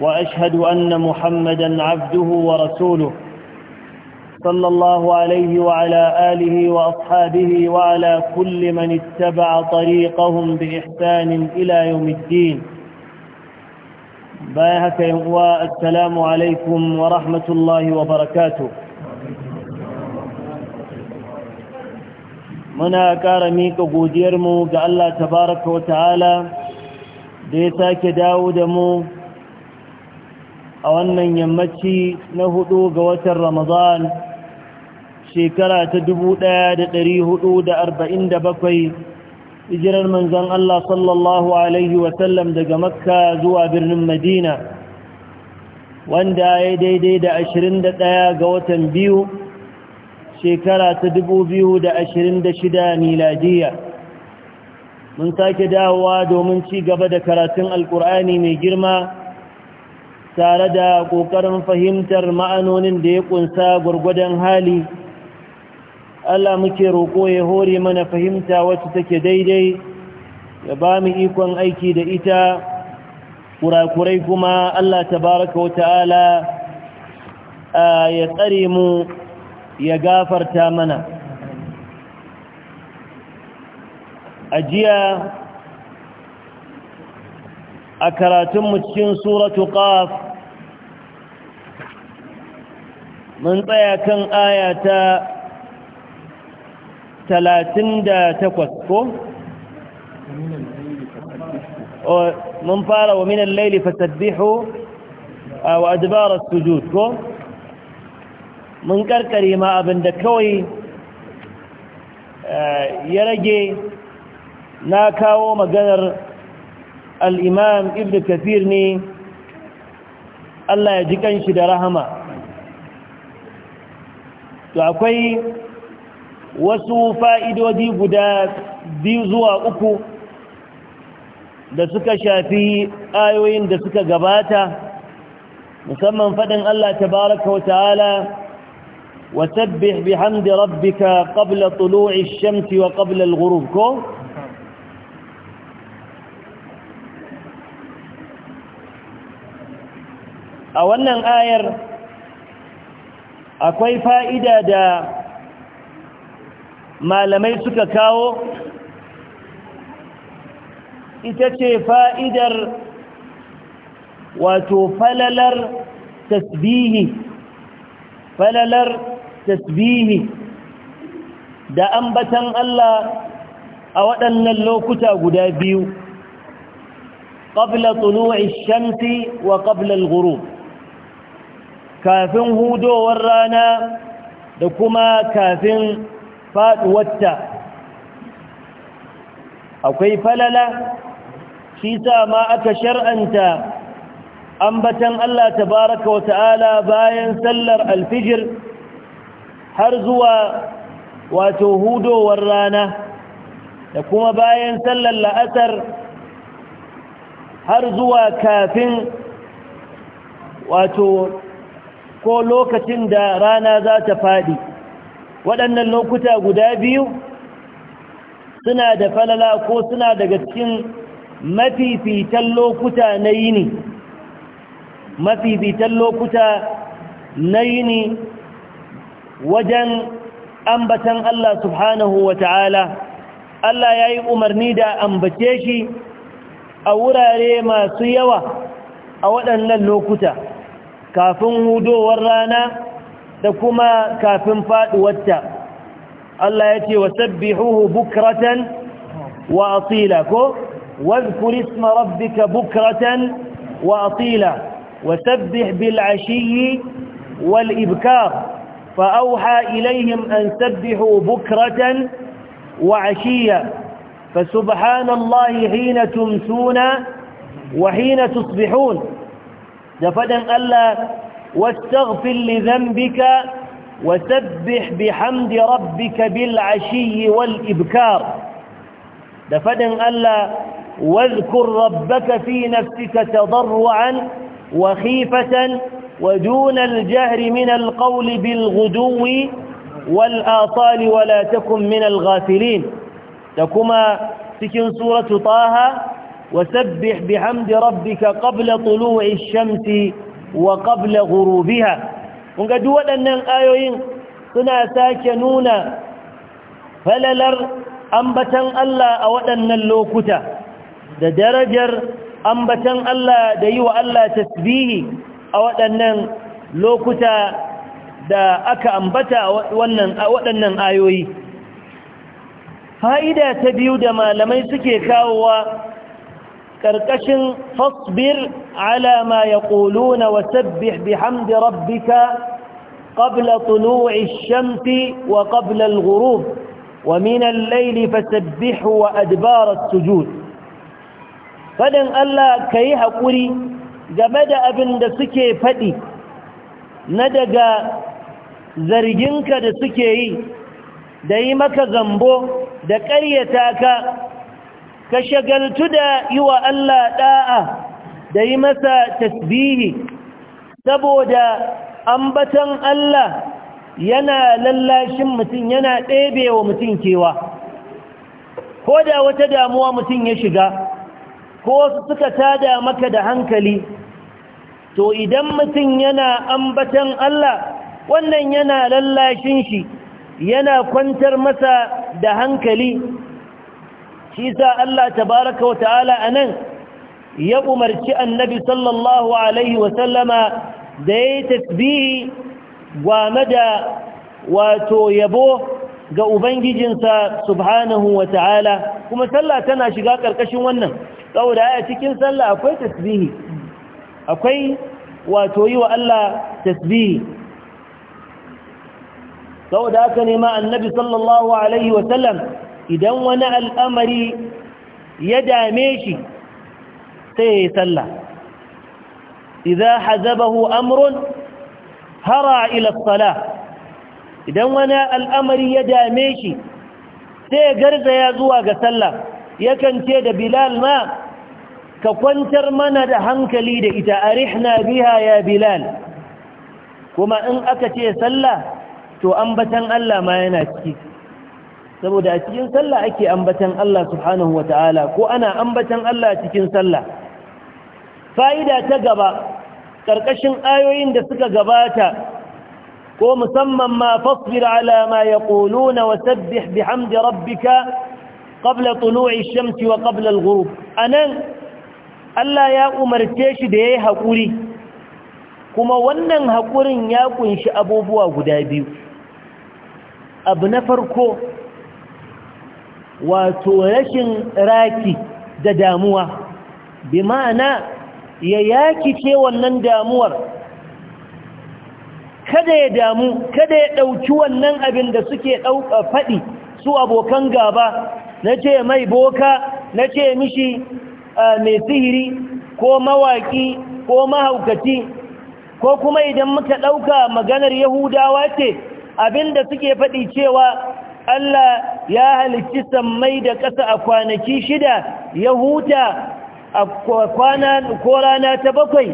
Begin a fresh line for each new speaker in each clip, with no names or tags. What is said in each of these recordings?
وأشهد أن محمدا عبده ورسوله صلى الله عليه وعلى آله وأصحابه وعلى كل من اتبع طريقهم بإحسان إلى يوم الدين باهك والسلام عليكم ورحمة الله وبركاته منا كارميك miƙa godiyarmu الله تبارك وتعالى wa ta'ala a wannan yammaci na hudu ga watan ramadan shekara ta da hijirar manzon Allah sallallahu alaihi wasallam daga makka zuwa birnin madina wanda ya daidai da ɗaya ga watan biyu shekara ta shida miladiya mun sake dawowa domin ci gaba da karatun alkur'ani mai girma tare da ƙoƙarin fahimtar ma'anonin da ya ƙunsa gwargwadon hali Allah muke roƙo ya hore mana fahimta wacce take daidai ya ba mu ikon aiki da ita kurakurai kuma Allah ta wa ta'ala ya tsare mu ya gafarta mana ajiya a karatunmu cikin suratu qaf mun tsaya kan aya ta talatin da takwas ko? mun fara wa minan laili fasabbihu wa adbarar sujud ko? mun karkare ma abin da kawai ya rage na kawo maganar al'imam ibn kafir ne Allah ya ji kanshi da rahama to akwai wasu fa'idodi guda biyu zuwa uku da suka shafi ayoyin da suka gabata musamman faɗin Allah tabaraka wa ta'ala rabbika بحمد ربك قبل طلوع الشمس وقبل الغروب كو a wannan ayar akwai fa'ida da malamai suka kawo ita ce fa'idar wato falalar tasbihi falalar tasbihi da ambatan Allah a waɗannan lokuta guda biyu ƙabla tsunuwa shamsi wa ƙabla al-ghurub kafin hudowar rana da kuma kafin faduwarta akwai falala shi sa ma aka shar'anta ambatan Allah tabaraka wa ta'ala bayan sallar alfijir har zuwa wato hudowar rana da kuma bayan sallar la'asar har zuwa kafin wato ko lokacin da rana za ta faɗi waɗannan lokuta guda biyu suna da falala ko suna daga cikin mafifitan lokuta na yini mafifitan lokuta na yini wajen ambatan Allah subhanahu wa ta'ala Allah ya yi umarni da ambace shi a wurare masu yawa a waɗannan lokuta kafin hudowar ورانا da kuma kafin faduwarta Allah يأتي وسبحوه بكرة وأطيلا bukratan واذكر اسم ربك بكرة وأطيلا وسبح بالعشي والإبكار فأوحى إليهم أن سبحوا بكرة وعشيا فسبحان الله حين تمسون وحين تصبحون da fadan Allah wastaghfir li dhanbika wasabbih bihamdi rabbika bil ashi wal ibkar da fadan Allah واذكر ربك في نفسك تضرعا وخيفة ودون الجهر من القول بالغدو والآطال ولا تكن من الغافلين تكما سكن سورة طه وسبح بحمد ربك قبل طلوع الشمس وقبل غروبها kunga duk waɗannan ayoyin suna sake nuna falalar ambatan Allah a waɗannan lokuta da darajar ambatan Allah da yi wa Allah tasbihi a waɗannan lokuta da aka ambata a waɗannan ayoyi fa'ida ta biyu da malamai suke kawowa كركشن فاصبر على ما يقولون وسبح بحمد ربك قبل طلوع الشمس وقبل الغروب ومن الليل فسبحه وأدبار السجود فدن الله كي حقري جمد أبن دسكي فدي ندق زرجنك دسكي ديمك زنبو دكريتاك ka shagaltu da yi wa Allah ɗa'a da yi masa tasbihi saboda ambatan Allah yana lallashin mutum yana ɗebe wa mutum kewa ko da wata damuwa mutum ya shiga ko suka tada maka da hankali to idan mutum yana ambatan Allah wannan yana lallashin shi yana kwantar masa da hankali shi sa Allah tabaraka wa ta'ala anan ya umarci annabi sallallahu alaihi wa sallama da ya yi tasbihi gwame da wato yabo ga ubangijinsa subhanahu wa ta'ala kuma sallah tana shiga ƙarƙashin wannan saboda a cikin sallah akwai tasbihi akwai wato yi wa Allah tasbihi saboda haka ne ma annabi sallallahu alaihi wa sallam idan wani al'amari ya dame shi sai ya yi sallah idan hazabahu amrun hara ila idan wani al'amari ya dame shi sai ya garzaya zuwa ga sallah yakan ce da bilal ma ka kwantar mana da hankali da ita arihna biya ya bilal kuma in aka ce sallah to ambatan Allah ma yana ciki saboda a cikin sallah ake ambatan Allah subhanahu wa ta'ala ko ana ambatan Allah cikin sallah fa'ida ta gaba ƙarƙashin ayoyin da suka gabata ko musamman ma fasbir ala ya yaquluna wa sabbih bihamdi rabbika qabla tulu'i shamsi wa qabla al A anan Allah ya umarce shi da yayi hakuri kuma wannan haƙurin ya ƙunshi abubuwa guda biyu abu na farko wato rashin raki da damuwa bi ma'ana ya ce wannan damuwar kada ya damu kada ya ɗauki wannan abin da suke faɗi su abokan gaba na ce mai boka na ce mishi mai sihiri ko mawaki ko mahaukaci ko kuma idan muka ɗauka maganar yahudawa ce abin da suke faɗi cewa Allah ya halicci sammai da ƙasa a kwanaki shida ya huta a kwana ko rana ta bakwai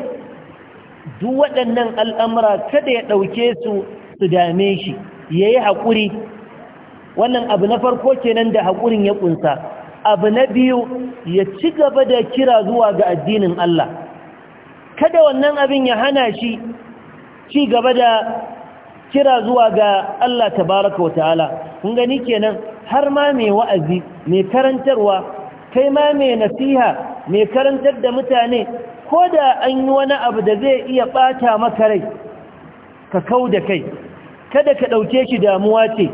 duk waɗannan al'amura kada ya ɗauke su su dame shi ya yi haƙuri wannan abu na farko kenan da haƙurin ya ƙunsa abu na biyu ya ci gaba da kira zuwa ga addinin Allah kada wannan abin ya hana shi ci gaba da kira zuwa ga Allah tabaraka wa ta'ala kun gani kenan har ma mai wa'azi mai karantarwa kai ma mai nasiha mai karantar da mutane ko da an yi wani abu da zai iya ɓata maka rai ka kau da kai kada ka ɗauke shi damuwa ce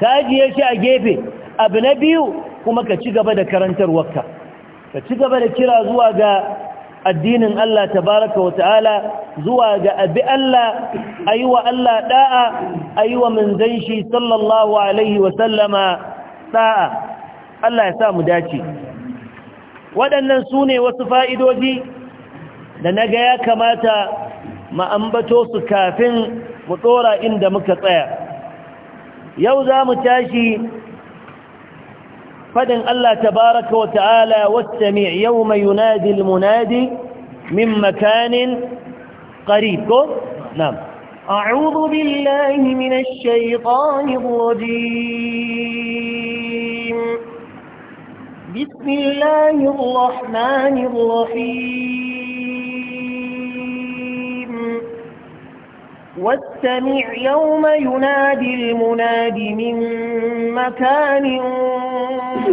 ka ajiye shi a gefe abu na biyu kuma ka ci gaba da karantarwarka ka ci gaba da kira zuwa ga addinin Allah tabaraka wa ta'ala zuwa ga abi Allah wa Allah da'a ayiwa manzon shi sallallahu alaihi wa sallama Allah ya sa mu dace waɗannan sune wasu fa'idoji da naga ya kamata mu ambato su kafin mu tsora inda muka tsaya yau za mu tashi فدن الله تبارك وتعالى والسميع يوم ينادي المنادي من مكان قريب نعم
أعوذ بالله من الشيطان الرجيم بسم الله الرحمن الرحيم واستمع يوم ينادي المناد من مكان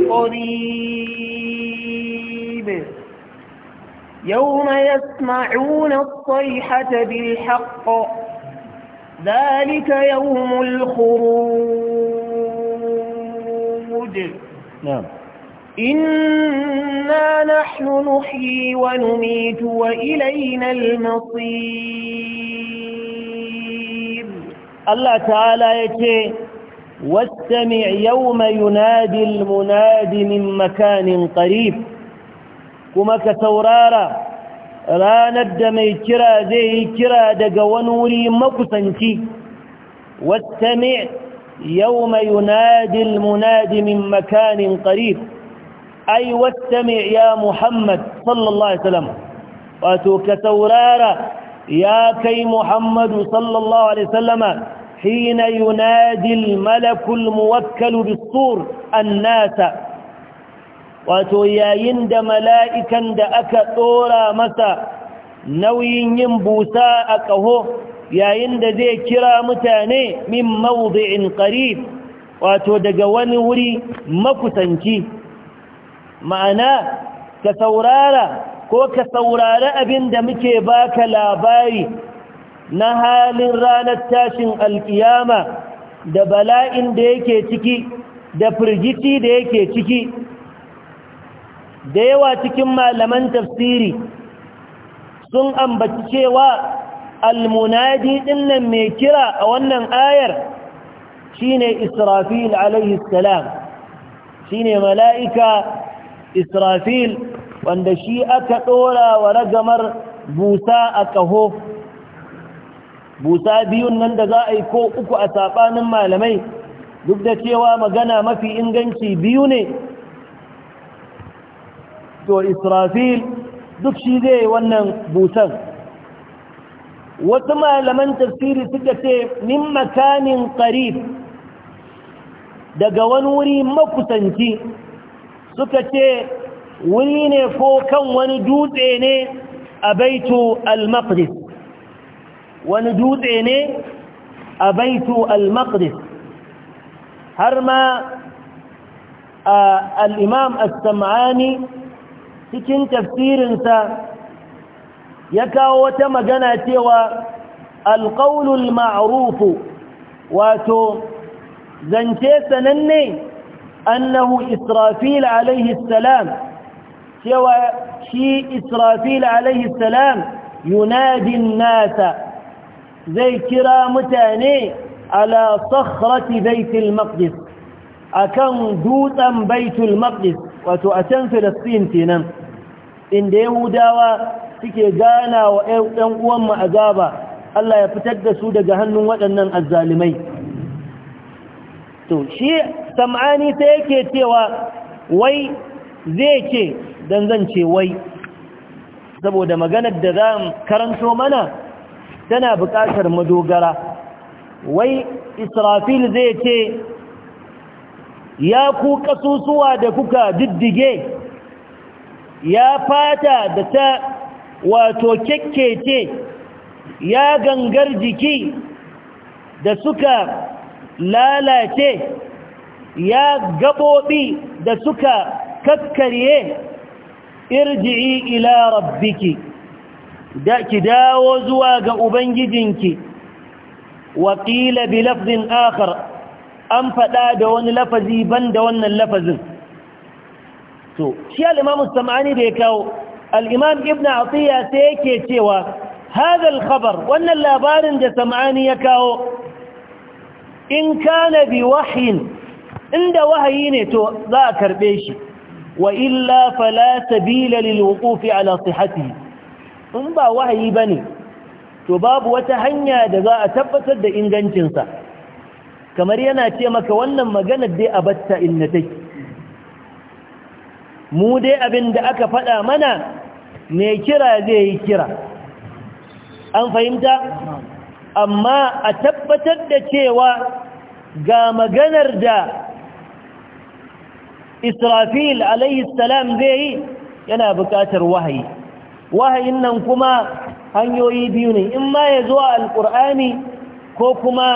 قريب يوم يسمعون الصيحة بالحق ذلك يوم الخروج نعم إنا نحن نحيي ونميت وإلينا
المصير
الله تعالى
يكي واستمع يوم ينادي المنادي من مكان قريب كما كتورارا رانا الدمي كرا ذي كرا دق ونوري مكسنتي واستمع يوم ينادي المنادي من مكان قريب أي واستمع يا محمد صلى الله عليه وسلم واتو كتورارا يا كي محمد صلى الله عليه وسلم حين ينادي الملك الموكل بالصور الناس وتياين دا ملائكا دا أكا طورا مسا نوين ينبوسا أكاهو يا يند زي كرا متاني من موضع قريب واتو دا قواني مكتنكي معنا كثورارا ko ka saurari abin da muke baka labari na halin ranar tashin alkiyama da bala'in da yake ciki da firgici da yake ciki da yawa cikin malaman tafsiri sun ambaci cewa almunadi dinnan mai kira a wannan ayar shine israfil alaihi salam shine mala'ika israfil wanda shi aka ɗora wa ragamar busa a kaho, busa biyun nan da za a yi ko uku a saɓanin malamai duk da cewa magana mafi inganci biyu ne to israfil duk shi zai wannan busan wasu malaman tafsiri suka ce min makanin qarib daga wani wuri makusanci suka ce wuri ne ko kan wani dutse ne a baitu al-maqdis wani dutse ne a baitu al-maqdis har ma al-imam as-sam'ani cikin tafsirinsa ya kawo wata magana cewa alƙaunul ma'arufu wato zance sananne annahu israfil alaihi salam cewa shi israfil alaihi salam yunadin nasa zai kira mutane ala sakhrati baitul maqdis akan dutsen baitul maqdis wato a can filistin kenan inda yahudawa suke gana wa ɗan uwanmu gaba Allah ya fitar da su daga hannun waɗannan azzalimai to shi sam'ani sai yake cewa wai zai ce don zan ce wai saboda maganar da za karanto mana tana buƙatar madogara wai israfil zai ce ya ku ƙasusuwa da kuka diddige ya fata da ta wato kekkece ya gangar jiki da suka lalace ya gaɓoɓi da suka kakkarye irji'i ila rabbiki da ki dawo zuwa ga ubangijinki wa qila bi lafzin akhar an faɗa da wani lafazi ban da wannan lafazin to shi al sam'ani da kawo al-imam ibn atiya sai yake cewa hadha al-khabar wannan labarin da sam'ani ya kawo in kana bi wahyin inda wahayi ne to za a karbe shi وإلا فلا سبيل للوقوف على صحته إن با وحي بني to babu wata hanya da za a tabbatar da ingancinsa kamar yana ce maka wannan maganar dai a batta inna take mu dai abin da aka faɗa mana mai kira zai yi kira an fahimta amma a tabbatar da cewa ga maganar da israfil alaihi salam zai yi yana buƙatar wahayi wahayin nan kuma hanyoyi biyu ne in ma ya zo a alƙur'ani ko kuma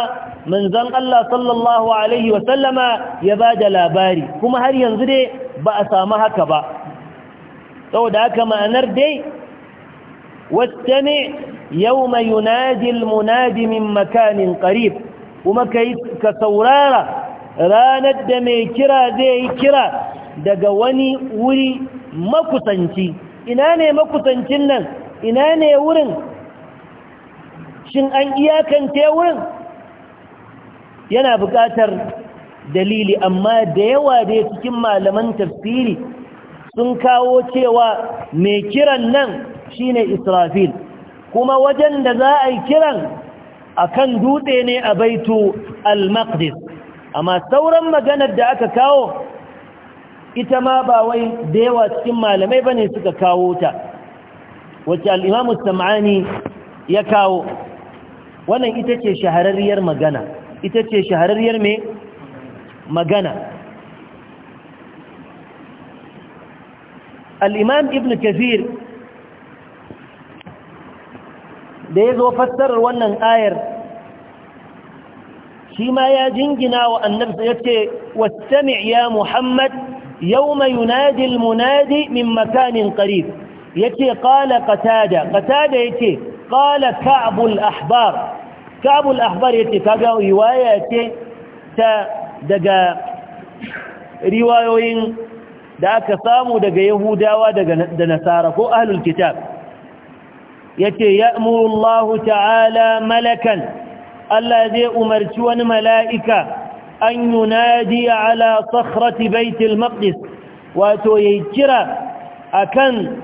manzon Allah sallallahu alaihi wasallama ya ba da labari kuma har yanzu dai ba a samu haka ba saboda haka ma'anar dai ne yau yunadi almunadi min makanin qarib kuma ka saurara ranar da mai kira zai yi kira daga wani wuri makusanci ina ne makusancin nan ina ne wurin shin an iyakance wurin yana buƙatar dalili amma da yawa da ya cikin malaman tafsiri sun kawo cewa mai kiran nan shine israfil kuma wajen da za a yi kiran a kan dutse ne a baitu al-maqdis amma sauran maganar da aka kawo ita ma ba wai da yawa cikin malamai bane suka kawo ta wacce al'imamu sam'ani ya kawo wannan ita ce shahararriyar magana ita ce shahararriyar mai magana al'imam ibn kafir da ya zo fassarar wannan ayar shi ma ya jingina wa annabi ya ce wastami' ya muhammad yawma yunadi almunadi min makanin qarib yace kala katada katada yace ce kala al-ahbar ka'b ahbar yace kaga riwaya ce ta daga riwayoyin da aka samu daga yahudawa da nasara ko ahlul kitab yace ya'muru Allah ta'ala malakan Allah zai umarci wani mala'ika an yunadi ala sakhrati baitul maqdis wato yayi kira akan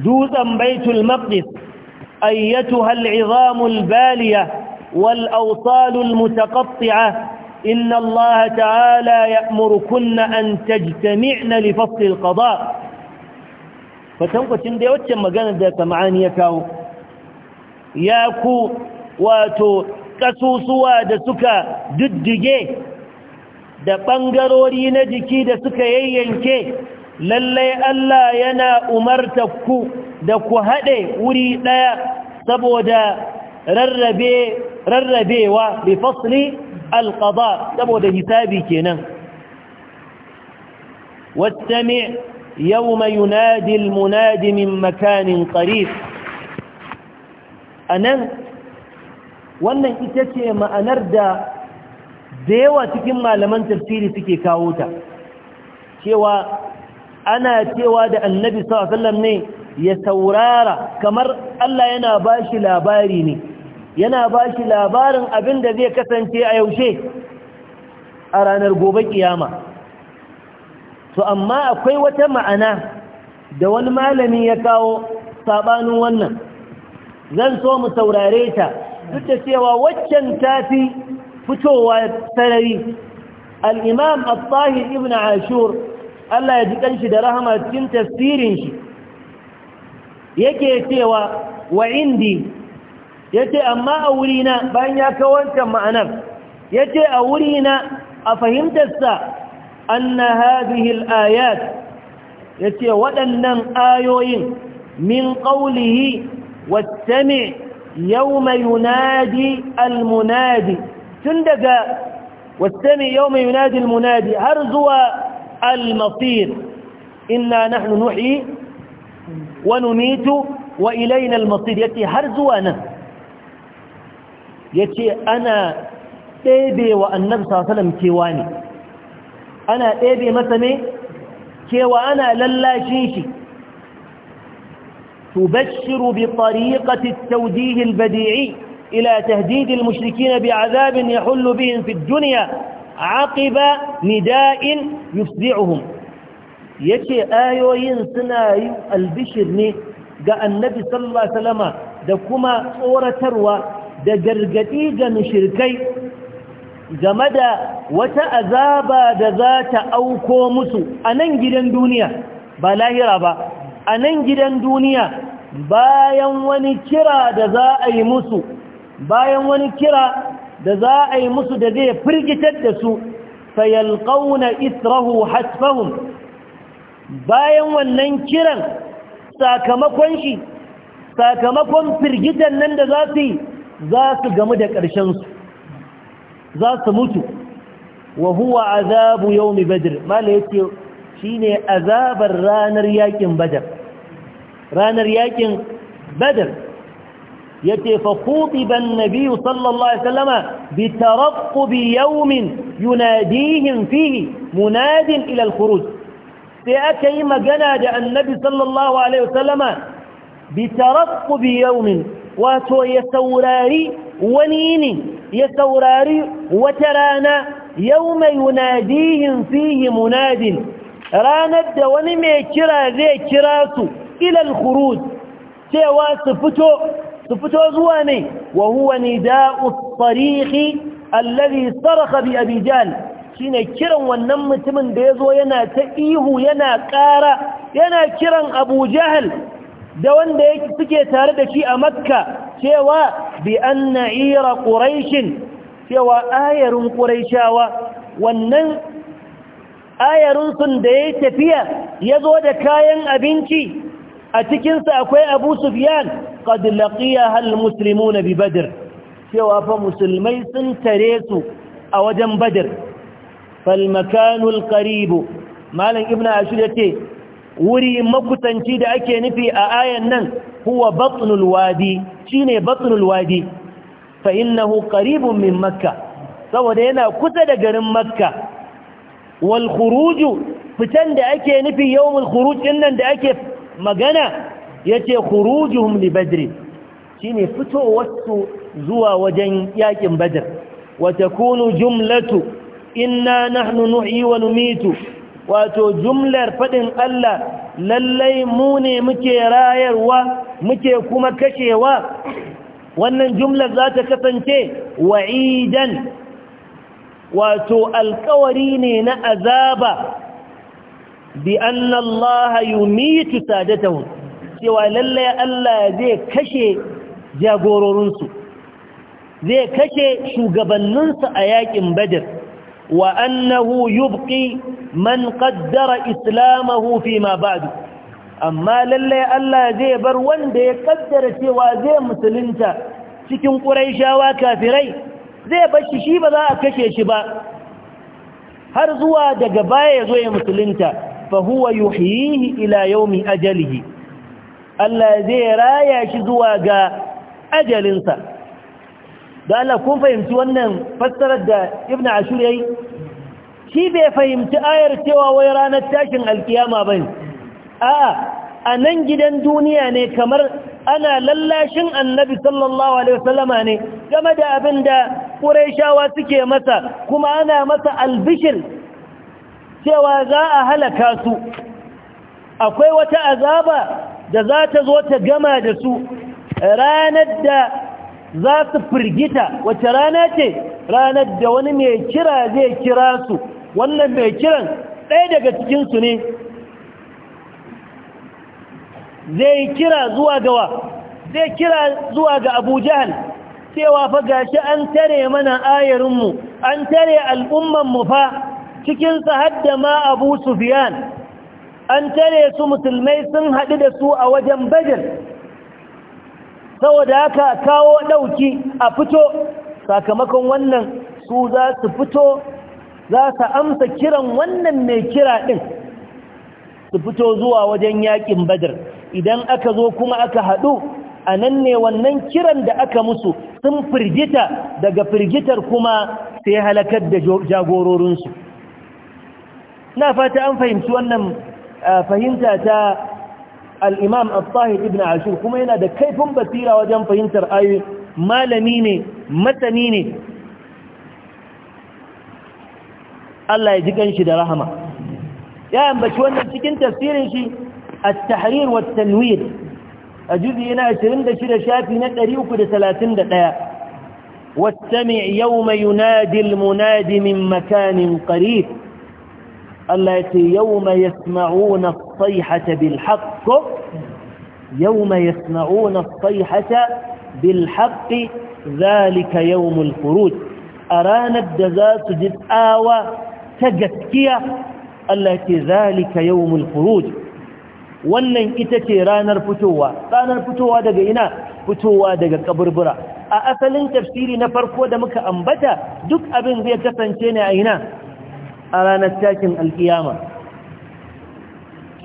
dutsen baitul maqdis ayyatuha al'izamu albaliya wal awsalu almutaqatti'a inna Allah ta'ala ya'murukunna an tajtami'na li fasl alqada fatankwacin da wacce magana da sama'ani ya kawo ya ku wato kasusuwa da suka diddige da ɓangarori na jiki da suka yayyanke lallai Allah yana umarta ku da ku haɗe wuri ɗaya saboda rarrabewa bi fasli alƙaba saboda hisabi kenan wattami يوم ينادي munadimin makanin مكان A nan. wannan ita ce ma'anar da da yawa cikin malaman tafsiri suke kawo ta cewa ana cewa da annabi sallallahu ne ya saurara kamar Allah yana ba shi labari ne yana ba shi labarin abin da zai kasance a yaushe a ranar gobe kiyama to amma akwai wata ma'ana da wani malami ya kawo sabanin wannan zan so mu saurare ta duk da cewa waccan tafi fitowa sarari al-imam al-tahir ibn ashur Allah ya ji kanshi da rahama cikin tafsirin shi yake cewa wa indi yace amma a wurina bayan ya kawo wancan ma'anar yace a wurina a fahimtarsa anna hadhihi al-ayat yace waɗannan ayoyin min qawlihi wattami' يوم ينادي المنادي تندق والثاني يوم ينادي المنادي هرزوا المصير إنا نحن نحيي ونميت وإلينا المصير يتي هرزوا أنا يتي أنا تيبي wa صلى الله عليه وسلم ana أنا تيبي مثلا kewa للا شيشي shi تبشر بطريقة التوجيه البديعي إلى تهديد المشركين بعذاب يحل بهم في الدنيا عقب نداء يفزعهم يكي آيوين سناي البشرني قال النبي صلى الله عليه وسلم دكما صورة تروى دقرقتيق مشركي زمدا وتأذابا دذات أوكومس أننجل الدنيا بلاهي رابا a nan gidan duniya bayan wani kira da za a yi musu bayan wani kira da za a yi musu da zai firgitar da su fayalƙauna israhu Hasfahun, bayan wannan kiran sakamakon shi sakamakon firgitar nan da za su yi za su gamu da ƙarshensu za su mutu wa huwa azabu yawmi badr mala yace ne azabar ranar yakin badar ranar yakin badar yace fa khutiba an-nabiy sallallahu alaihi wasallama bi taraqqub yawmin yunadihim fihi munadin ila al sai aka yi magana da annabi sallallahu alaihi wasallama bi taraqqub yawmin wato ya saurari wani ne ya saurari wata rana yau yawma yunadihim fihi munadin ranar da wani mai kira zai kira su ilal khuruj cewa su fito su fito zuwa ne wa huwa nida'u tarihi alladhi saraha bi abijan shine kiran wannan mutumin da yazo yana ta ihu yana ƙara yana kiran Abu Jahl da wanda yake suke tare da shi a Makka cewa bi anna ira quraish cewa ayarin quraishawa wannan ayarinsun da ya tafiya ya zo da kayan abinci a cikinsa akwai abu sufiyan qad laqiya hal na bi badr cewa fa musulmai sun tare su a wajen badr Falmakanul Karibu malam ibnu ashur yace wuri makusanci da ake nufi a ayan nan huwa Batsunul wadi ne Batsunul wadi fa innahu qaribun min Makka, saboda yana kusa da garin makka wal khuruju fitan da ake nufi yau khuruj din nan da ake magana yace khurujuhum li badr shine fitowarsu zuwa wajen yakin badr wa takunu jumlatu inna nahnu nuhyi wa numitu wato jumlar fadin Allah lallai mu ne muke rayarwa muke kuma kashewa wannan jumlar za ta kasance wa'idan wato alkawari ne na azaba bi anna Allah yumitu sadatahu cewa lalle Allah zai kashe jagororinsu zai kashe shugabanninsu a yakin badr wa annahu yubqi man qaddara islamahu fi ma ba'du amma lalle Allah zai bar wanda ya kaddara cewa zai musulunta cikin quraishawa kafirai zai bashi shi ba za a kashe shi ba har zuwa daga baya ya zo ya musulunta fa huwa yuhyihi ila yawmi ajalihi Allah zai raya shi zuwa ga ajalinsa da Allah kun fahimci wannan fassarar da Ibn Ashur yayi shi bai fahimci ayar cewa wai ranar tashin alkiyama bane a'a a nan gidan duniya ne kamar ana lallashin annabi sallallahu alaihi wasallama ne game da abin da ƙuraishawa suke masa kuma ana masa albishir cewa za a halaka su akwai wata azaba da za ta zo ta gama da su ranar da za su firgita wace rana ce ranar da wani mai kira zai kira su wannan mai kiran ɗaya daga cikinsu ne zai kira zuwa gawa zai kira zuwa ga abu jahal cewa fa gashi an tare mana ayarinmu an tare al'ummanmu fa cikinsa hadda ma abu sufiyan an tare su musulmai sun haɗu da su a wajen bajin saboda haka kawo ɗauki a fito sakamakon wannan su za su fito za su amsa kiran wannan mai kira ɗin su fito zuwa wajen yaƙin badar idan aka zo kuma aka haɗu a nan ne wannan kiran da aka musu sun firgita daga firgitar kuma sai halakar da jagororinsu na fata an fahimci wannan fahimta ta al'imam al-tahir ibn ashir kuma yana da kaifin basira wajen fahimtar ayoyi malami ne matsani ne Allah ya ji ganshi da rahama ya ambaci wannan cikin tafsirin shi التحرير والتنوير أجزي هنا أشرين دشير شافي نتريوك دسلاتين دقيا واستمع يوم ينادي المنادي من مكان قريب التي يوم يسمعون الصيحة بالحق يوم يسمعون الصيحة بالحق ذلك يوم الخروج أرانا الدزاس جد آوى تجسكية التي ذلك يوم الخروج wannan ita ce ranar fitowa ranar fitowa daga ina fitowa daga kaburbura a asalin tafsiri na farko da muka ambata duk abin zai kasance ne a ina a ranar takin alkiyama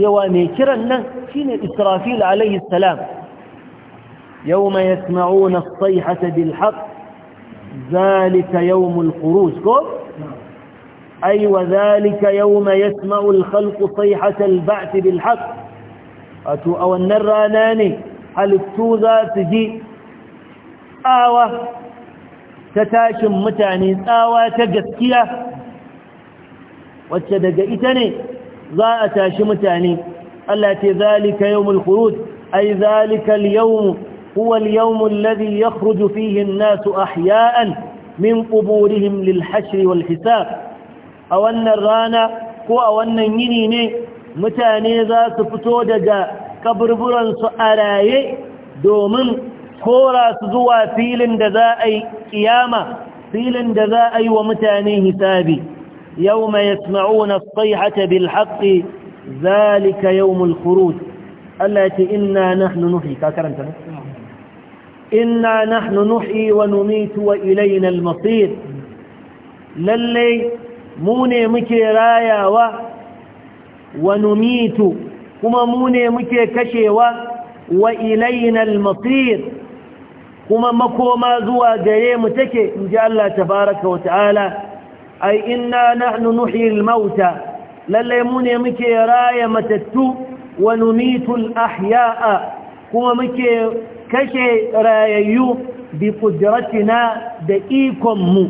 cewa mai kiran nan shine israfil alaihi salam yawma yasma'una as-sayhata bil haqq zalika yawmul khuruj ko ay wa zalika yawma yasma'u al-khalqu sayhata al-ba'th bil haqq wato a wannan rana ne halittu za su ji tsawa ta tashin mutane tsawa ta gaskiya wacce daga ita ne za a tashi mutane Allah ce zalika yawmul khuruj ay zalika al-yawm huwa al-yawm alladhi yakhruju fihi an-nasu ahya'an min quburihim lil-hashr wal-hisab a wannan rana ko a wannan yini ne mutane za su fito daga kaburburansu a raye domin kora su zuwa filin da za a yi kiyama filin da za a yi wa mutane hisabi yau mai yasma'una sayhata bil haqqi zalika yawmul khuruj Allah ce inna nahnu nuhi ka karanta ne inna nahnu nuhi wa numitu wa masir lallai mu ne muke rayawa ونميت كما مونة مكي كشيوة وإلينا المصير كما مكو ما ذوى جريم تكي إن جاء الله تبارك وتعالى أي إنا نحن نحيي الموتى للي مونة مكي راية متتو ونميت الأحياء كما مكي كشي رايي بقدرتنا دئيكم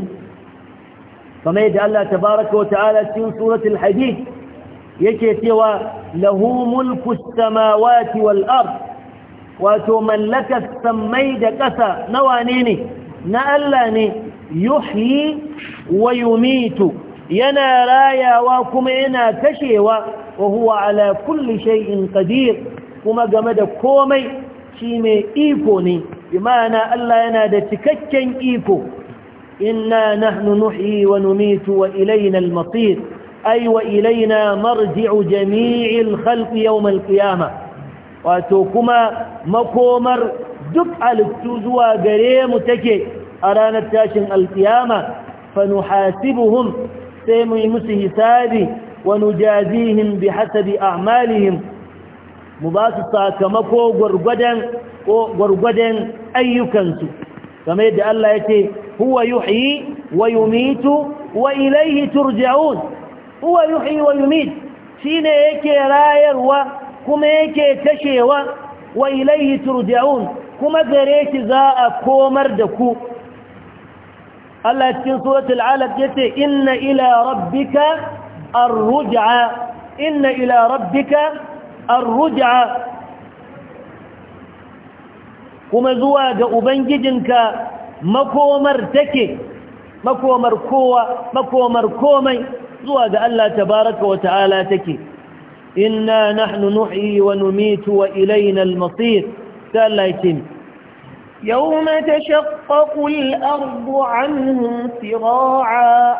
فما يجعل الله تبارك وتعالى في سورة الحديث yake cewa lahu mulku samawati wal ard wato mallaka samai da ƙasa na wane ne na Allah ne yuhyi wa yumitu yana rayawa kuma yana kashewa wa huwa ala kulli shay'in qadir kuma game da komai shi mai iko ne imana Allah yana da cikakken iko inna nahnu nuhyi wa numitu wa ilayna al-masir أي وإلينا مرجع جميع الخلق يوم القيامة واتوكما مكومر دك التوزوى قريم تكي أرانا التاشن القيامة فنحاسبهم سيمي مسه سادي ونجازيهم بحسب أعمالهم مباس الساكمكو قرقدا قرقدا أيكنسو كما يدى الله يتي هو يحيي ويميت وإليه ترجعون هو يحيي ويميت شين يكي راير وكما يكي و وإليه ترجعون كما ذريك زاء كومر دكو الله يتكين سورة العالم يتي إن إلى ربك الرجعى إن إلى ربك الرجعى زوى zuwa ga مكومر تكي مكومر makomar مكومر كومي komai zuwa ga Allah tabaraka wa ta'ala take inna nahnu nuhyi wa numitu wa ilayna al-masir sallatin
يوم تشقق الأرض عنهم سراعا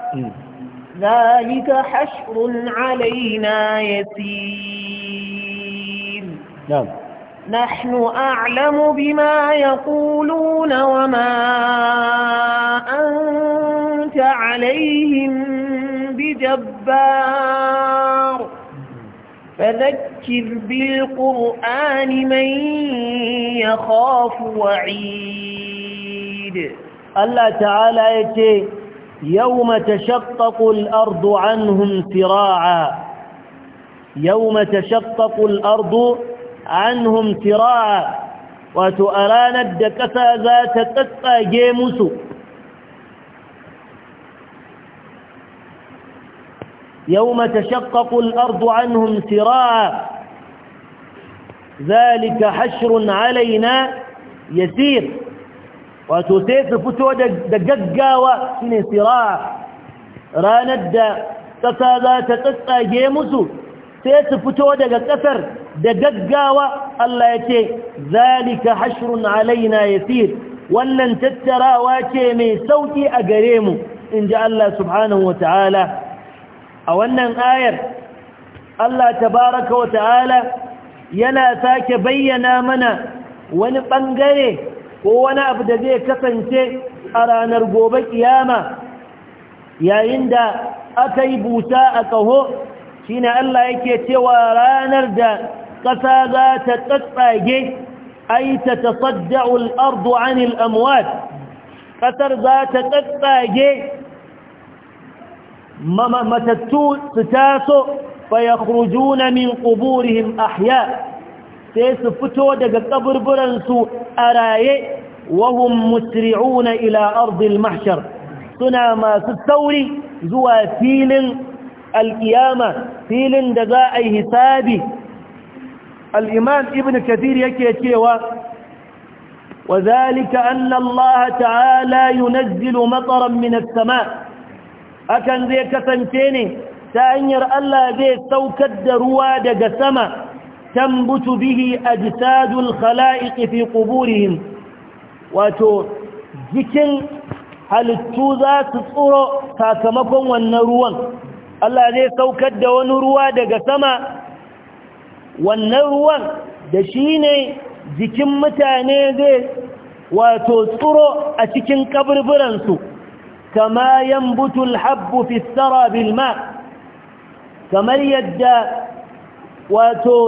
ذلك حشر علينا يسير نعم نحن أعلم بما يقولون وما أنت عليهم بجبار فذكر بالقرآن من يخاف وعيد الله تعالى يتي يوم
تشقق الأرض عنهم سراعا يوم تشقق الأرض عنهم سراعا وتؤران دكثا ذات تتقى جيمسو يوم تشقق الأرض عنهم سراعا ذلك حشر علينا يسير وتسير في فتوة دققاوة من سراعا راند تتابا تتسعى جيمسو سيس فتوة دققسر دققاوة الله يتي ذلك حشر علينا يسير ولن تتراواتي من سوتي أقريمو إن جاء الله سبحانه وتعالى a wannan ayar Allah tabaraka wa ta'ala yana sake bayyana mana wani ɓangare ko wani abu da zai kasance a ranar gobe kiyama yayin da aka yi buta a ƙaho shi ne Allah yake cewa ranar da ƙasa za ta tsatsage ai ta tasadda'ul ardu anil amwat ƙasar za ta tsatsage matatu فيخرجون من قبورهم احياء سيسفتوا دغ قبربرنسو اراي وهم مسرعون الى ارض المحشر سنا ما ستوري زوا فيل القيامه فيل دغ اي حسابي الامام ابن كثير يكي يكيوا وذلك ان الله تعالى ينزل مطرا من السماء hakan zai kasance ne ta hanyar Allah zai saukar da ruwa daga sama tambutu bihi ajtadul khalaiq fi quburihim wato jikin halittu za su tsoro sakamakon wannan ruwan Allah zai saukar da wani ruwa daga sama wannan ruwan da shi jikin mutane zai wato tsoro a cikin kaburburansu كما ينبت الحب في الثرى بالماء كما يدى واتو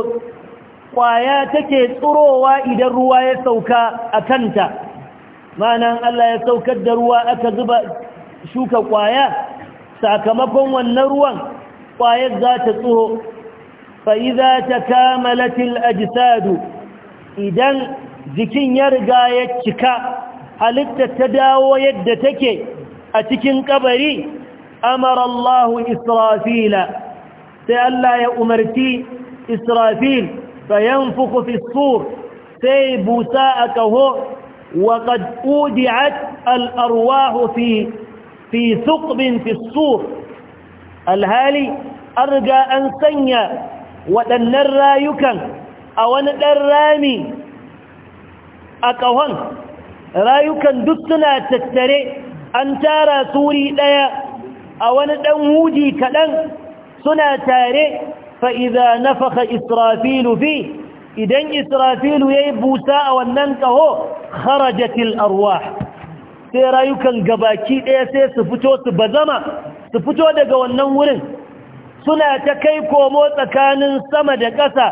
kwaya take tsirowa idan ruwa ya sauka a kanta ma'anan Allah ya saukar da ruwa aka zuba shuka kwaya sakamakon wannan ruwan kwayar za ta tsiro fa'iza ta kamalatil ajisadu idan jikin ya riga ya cika halitta ta dawo yadda take أتكين قبري أمر الله إسرافيل سألا يا أمرتي إسرافيل فينفخ في الصور سيب ساءكه وقد أودعت الأرواح في في ثقب في الصور الهالي أرجى أن سنيا وأن الرايكا أو أن الرامي أكوان رايكا دسنا تتريه an tara wuri ɗaya a wani ɗan wuji kaɗan suna tare fa'iza na faka israfilu fi idan israfilu ya yi busa a wannan ƙaho harajatil arwa sai rayukan gabaki ɗaya sai su fito su bazama su fito daga wannan wurin suna ta kai komo tsakanin sama da ƙasa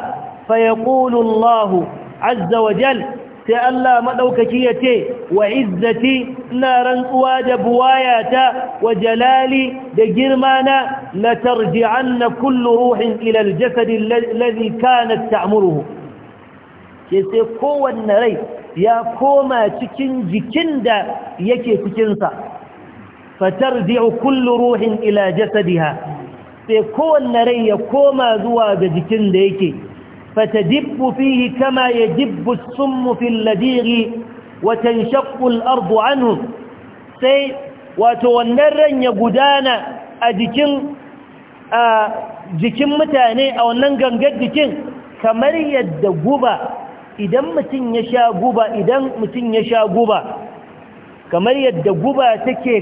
fayaƙulullahu azza wa jal sai Allah maɗaukaki ya ce wa izzati na rantsuwa da buwayata wa jalali da girmana na tarji'anna kullu ruhin ilal jasadi alladhi kanat ta'muruhu ke sai kowanne rai ya koma cikin jikin da yake cikinsa sa fatarji'u kullu ruhin jasadi ha. sai kowanne rai ya koma zuwa ga jikin da yake فتدب فيه كما يدب السم في اللذيغ وتنشق الأرض عنه سي وتوندر يجدان أجكم أجكم آه، متاني أو ننقن قد جكم كما يد قبا إذا متن يشا قبا إذا متن يشا قبا كما يد تكي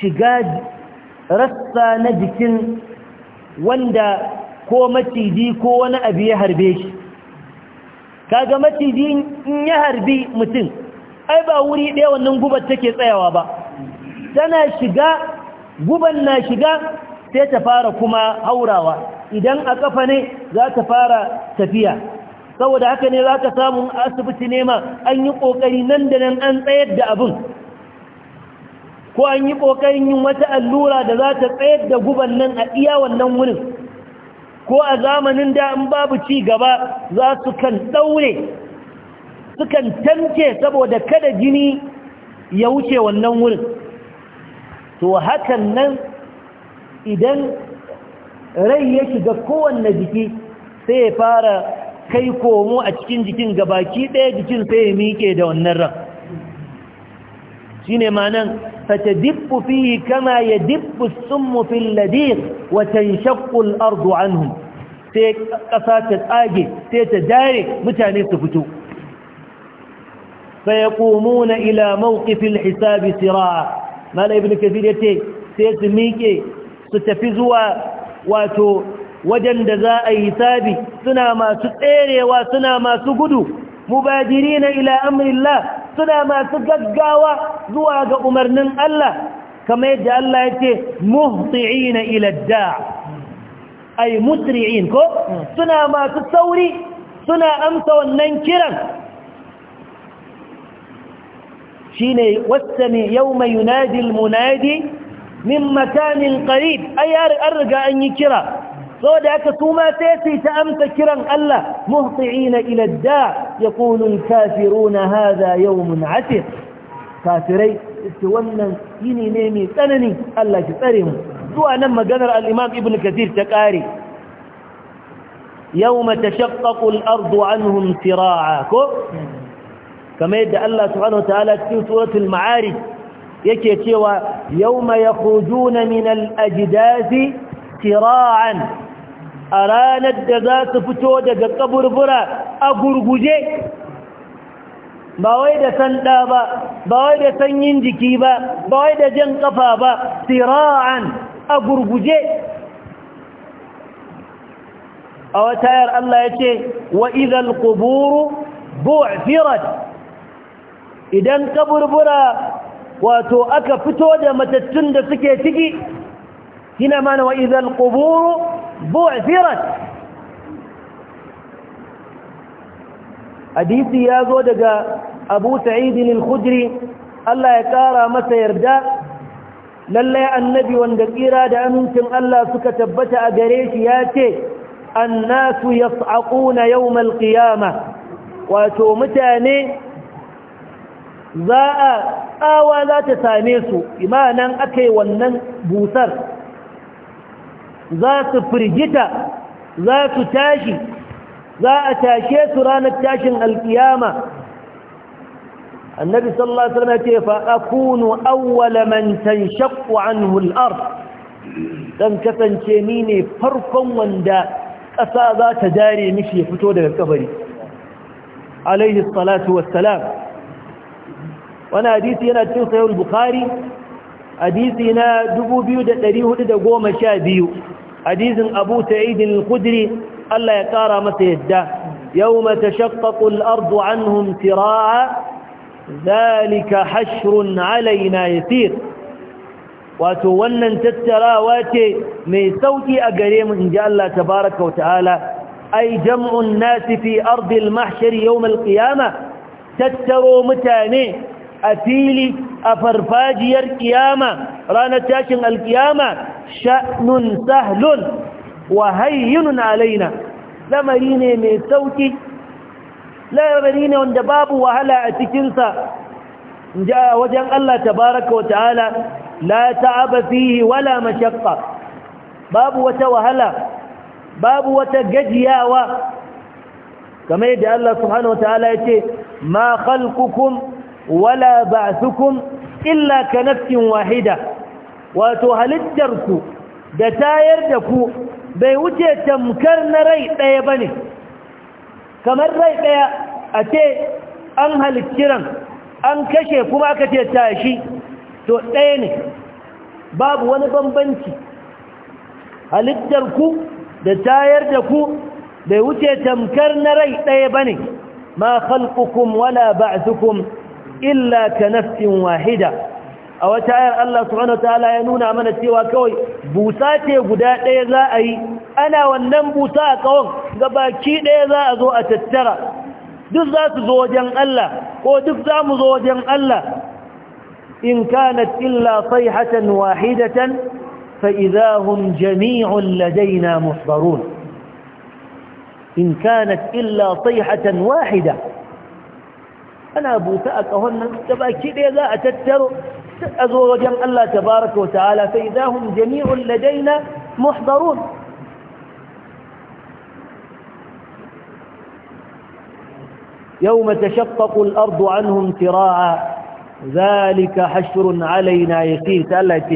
شقاد رسى نجكم وندى ko maciji ko wani abu ya harbe shi kaga maciji in ya harbi mutum ai ba wuri ɗaya wannan gubar take tsayawa ba tana shiga guban na shiga sai ta fara kuma haurawa idan a ƙafa ne za ta fara tafiya saboda haka ne za ka samu asibiti nema an yi ƙoƙari nan da nan an tsayar da abin ko an yi ƙoƙarin yin wata allura da za ta tsayar da guban nan a iya wannan wurin ko a zamanin da an babu ci gaba za su kan daure kan tanke saboda kada jini ya wuce wannan wurin to hakan nan idan rai ya shiga kowanne jiki sai ya fara kai komo a cikin jikin gabaki ɗaya jikin sai ya miƙe da wannan ran shine ne ma nan فتدب فيه كما يدب السم في اللديق وتنشق الأرض عنهم قصات الآجي تتدارك متاني تفتو فيقومون إلى موقف الحساب سراعا مال ابن كثير يتي سيتميك ستفزوا واتو وجن دزاء حسابي سنا ما ستيري وسنا ما سقدوا مبادرين إلى أمر الله suna masu gaggawa zuwa ga umarnin Allah kamar yadda Allah ya ce muhti'ina ila da' ay musri'in ko suna masu sauri suna amsa wannan kiran shine wasami yawma yunadi almunadi min makanin qarib ay an riga an yi kira saboda haka su ma sai su ta amsa kiran Allah muhti'ina ila da ya kunun kafiruna hadha yawmun 'atir kafirai ce wannan yini ne mai tsanani Allah ki tsare mu zuwa nan maganar al-Imam Ibn Kathir ta ƙare yawma tashaqqaqu al-ardu 'anhum sira'a ko kamar yadda Allah subhanahu wataala cikin suratul ma'arij yake cewa yawma yakhrujuna min al-ajdathi sira'an a ranar da za su fito daga kaburbura a gurguje ba wai da sanda ba ba wai da sanyin jiki ba ba wai da jan kafa ba sira'an a gurguje a wata yar Allah ya ce wa idal quburu bu'firat idan kaburbura wato aka fito da matattun da suke ciki hina mana wa idal bu'thirat hadisi ya zo daga Abu Sa'id al-Khudri Allah ya kara masa yarda lallai annabi wanda kira da amincin Allah suka tabbata a gare shi ya ce annasu yas'aquna yawmal qiyamah wato mutane za a za ta same su imanan akai wannan busar za su firgita za su tashi za a tashe su ranar tashin alkiyama annabi sallallahu alaihi wasallam ya ce fa akunu awwala man tanshaqu anhu al-ard dan kasance ni ne farkon wanda ƙasa za ta dare mishi ya fito daga kabari alaihi salatu wassalam wannan hadisi yana cikin sahih al-bukhari حديثنا hadisi na 2412 hadisin Abu Sa'id al-Khudri Allah ya kara masa yadda يوم تشقق الأرض عنهم سراعا ذلك حشر علينا يسير وتولن تترى واتي من سوتي أقريم إن جاء الله تبارك وتعالى أي جمع الناس في أرض المحشر يوم القيامة تتروا متاني أثيلي a farfajiyar kiyama ranar tashin alkiyama sha'nun sahlun wa hayyunun alaina lamari ne mai sauki lamari ne wanda babu wahala a cikinsa ja wajen Allah tabaraka wa ta'ala la ta'aba fihi wala mashaqqa babu wata wahala babu wata gajiyawa kamar yadda Allah subhanahu wa ta'ala yace ma khalqukum wala ba'thukum illa ka nafsin wahida wato halittarku da tayar da ku bai wuce tamkar na rai ɗaya ba ne kamar rai ɗaya a ce an halittiran an kashe kuma aka ce tashi to ɗaya ne babu wani bambanci halittarku da tayar da ku bai wuce tamkar na rai ɗaya ba ne ma khalqukum wala ba'thukum إلا كنفس واحدة أو تعالى الله سبحانه وتعالى ينون عمنا سوى كوي بوساتي قداء ليزا إيه أي أنا ونم بوساء كوي قبا كي ليزا إيه أزو أتترى دوزا سزوجا الله ودوزا مزوجا الله إن كانت إلا صيحة واحدة فإذا هم جميع لدينا محضرون إن كانت إلا صيحة واحدة ana buta a kahon nan ta baki ɗaya za a tattaro a zo wajen Allah tabaraka wa ta'ala sai idahum jami'un ladaina muhdarun يوم تشقق الأرض عنهم تراعا ذلك حشر علينا يسير ثلاث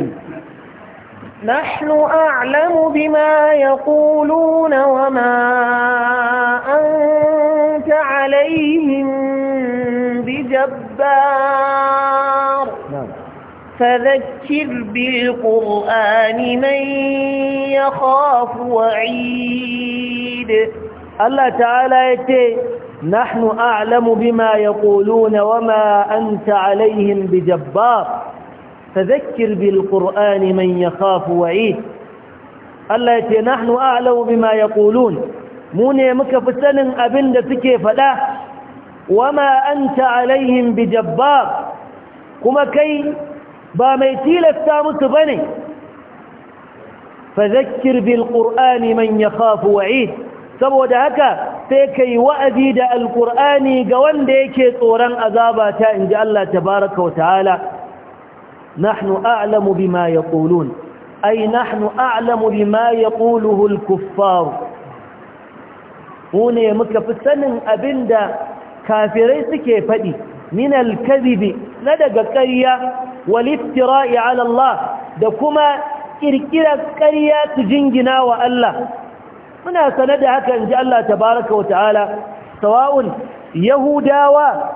نحن أعلم بما يقولون وما أنت عليهم بجبار نعم. فذكر بالقرآن من يخاف وعيد الله تعالى يتي نحن أعلم بما يقولون وما
أنت عليهم بجبار فذكر بالقرآن من يخاف وعيد الله يتي نحن أعلم بما يقولون mu ne muka fi sanin abin da suke faɗa wama anta alaihim bijabbar kuma kai ba mai tilasta musu bane fadhakkir bil qur'ani man yakhafu wa'id saboda haka sai kai wa'azi da alqur'ani ga wanda yake tsoron azaba ta inji Allah tabaaraka wa ta'ala nahnu a'lamu bima yaqulun ay nahnu a'lamu bima yaquluhu al-kuffar mu ne muka fi sanin abin da kafirai suke faɗi minal alkazibi na daga ƙarya waliftira'i ala da kuma ƙirƙirar ƙarya su jingina wa Allah muna sanar da haka in ji Allah tabaraka wa ta'ala sawa'un yahudawa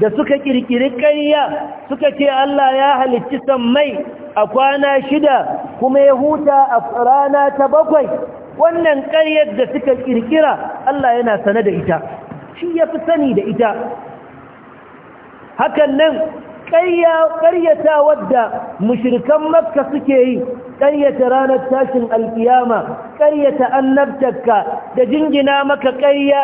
da suka ƙirƙiri ƙarya suka ce Allah ya halicci san mai a kwana shida kuma ya huta a rana ta bakwai wannan ƙaryar da suka ƙirƙira Allah yana sane da ita shi ya fi sani da ita hakan nan ƙaryata wadda mushirikan makka suke yi ƙaryata ranar tashin alkiyama ƙaryata annabtarka da jingina maka ƙarya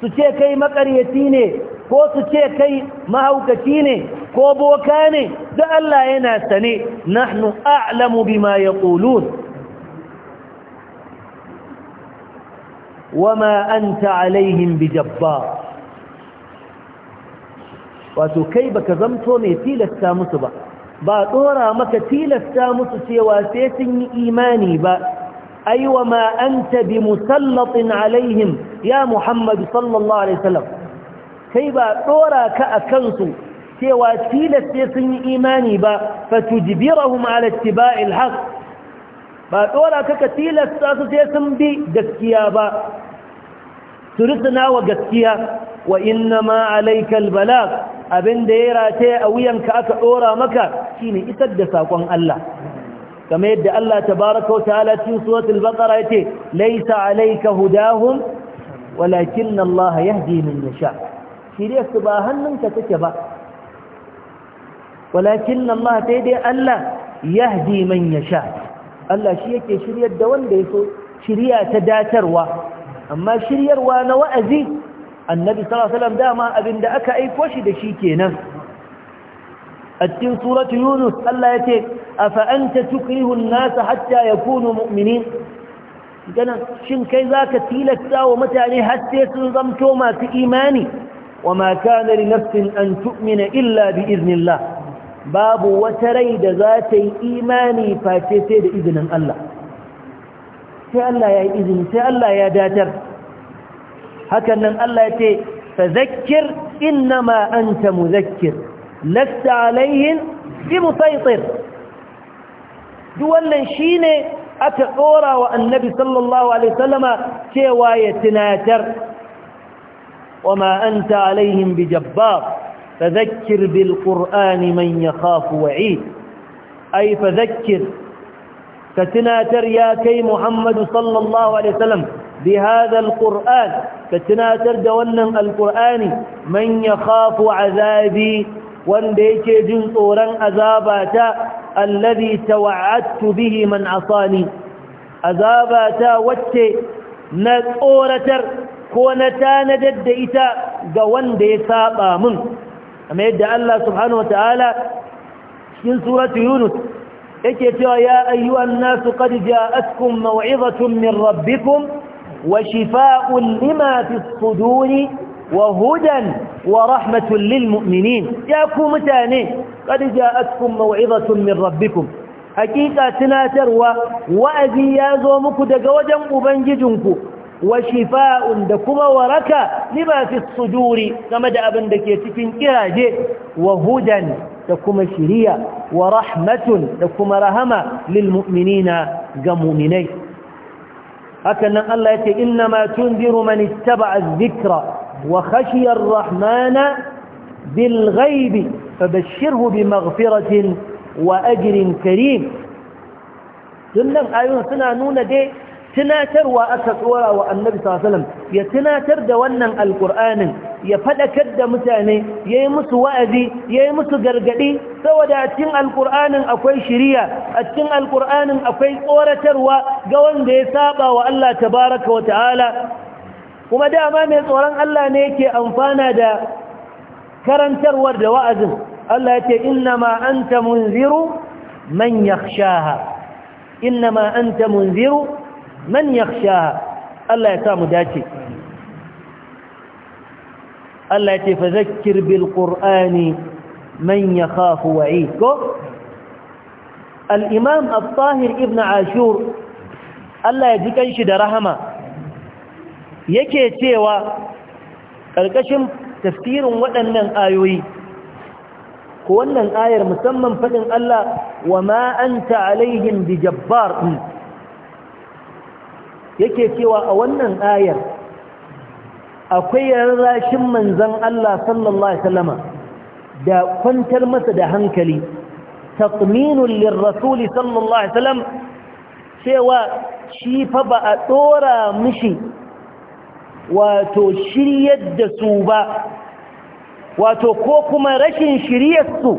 su ce kai maƙaryaci ne ko su ce kai mahaukaci ne ko boka ne da Allah yana sane nahnu a'lamu bima yaqulun وما أنت عليهم بجبار wato kai baka zamto mai tilasta musu ba ba tsora maka tilasta musu cewa sai sun yi imani ba Aiwa ma an ta bi musallatin alaihim ya muhammad sallallahu alaihi wasallam kai ba tsora ka a kansu cewa tilasta sun yi imani ba fatujbirahum ala ittiba'il haqq ba tsora kaka tilasta su sai sun bi gaskiya ba su risina wa gaskiya wa inna ma alaikal balagh abinda ya rataya a wuyanka aka ɗora maka shine isar da sakon Allah kama yadda Allah tabaaraka wa ta'ala cikin suratul baqara yace laysa alayka hudahum walakin Allah ya man yasha shirye su ba hannunka take ba walakin Allah sai dai Allah yahdi man sha Allah shi yake shiryar da wanda ya so shirya ta datarwa amma shiryarwa na wa'azi annabi sallallahu alaihi wasallam dama da aka aiko shi da shi kenan a cikin suratu yunus Allah yace afa anta tukrihu an-nas hatta yakunu mu'minin kana shin kai zaka tilasta wa mutane har sai sun zamto masu imani wa ma kana li nafsin an tu'mina illa bi iznillah babu wata rai da za ta yi imani face sai da izinin Allah sai Allah ya yi izini sai Allah ya datar hakan nan Allah ya ce fazakkir innama anta muzakkir lasta alaihin bi musaitir duk wannan shine aka tsora wa annabi sallallahu alaihi wasallama cewa ya tunatar wa anta alaihim bi jabbar فذكر بالقرآن من يخاف وعيد أي فذكر فتناتر يا كي محمد صلى الله عليه وسلم بهذا القرآن فتناتر دونا القرآن من يخاف عذابي وان بيكي جنطورا أذاباتا الذي توعدت به من عصاني أذاباتا واتي نتورتر كونتان جد إتا جوان بيساقا منه amma yadda Allah subhanahu wataala cikin suratu yunus yake cewa ya ayyuhan nasu qad ja'atkum maw'izatun min rabbikum wa shifaa'un lima fis suduri wa hudan wa rahmatun lil mu'minin ya ku mutane qad ja'atkum maw'izatun min rabbikum hakika tunatarwa wa'azi ya zo muku daga wajen ubangijinku وشفاء دكما وركا لما في الصدور كما دا ابن دكيتك انكراج وهدى دكما شريا ورحمة دكما رحمة للمؤمنين جمؤمنين أكنا الله يتي إنما تنذر من اتبع الذكر وخشي الرحمن بالغيب فبشره بمغفرة وأجر كريم ثم آيون نونة دي tunatarwa aka tsora wa annabi sallallahu ya tunatar da wannan alkur'anin ya fadakar da mutane yayi musu wa'azi yayi musu gargadi saboda a cikin alkur'anin akwai shiriya a cikin alkur'anin akwai tsoratarwa ga wanda ya saba wa Allah tabaaraka wa ta'ala kuma dama mai tsoron Allah ne yake amfana da karantarwar da wa'azin Allah ya ce innama ta munziru man yakhshaha innama ta munziru man yakhsha Allah ya sa mu dace Allah ya ce fa bil qur'ani man yakhafu wa'id ko al-imam at-tahir ibn ashur Allah ya ji kanshi da rahama yake cewa ƙarƙashin tafsirin waɗannan ayoyi ko wannan ayar musamman faɗin Allah wa ma anta alaihim bi yake cewa a wannan ayar akwai rarrashin manzan Allah sallallahu Alaihi da kwantar masa da hankali takminu lirrasuli sallallahu Alaihi cewa shi fa ba a ɗora mishi wato shiryar da su ba wato ko kuma rashin shiryarsu